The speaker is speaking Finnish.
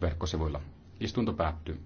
verkkosivuilla. Istunto päättyy.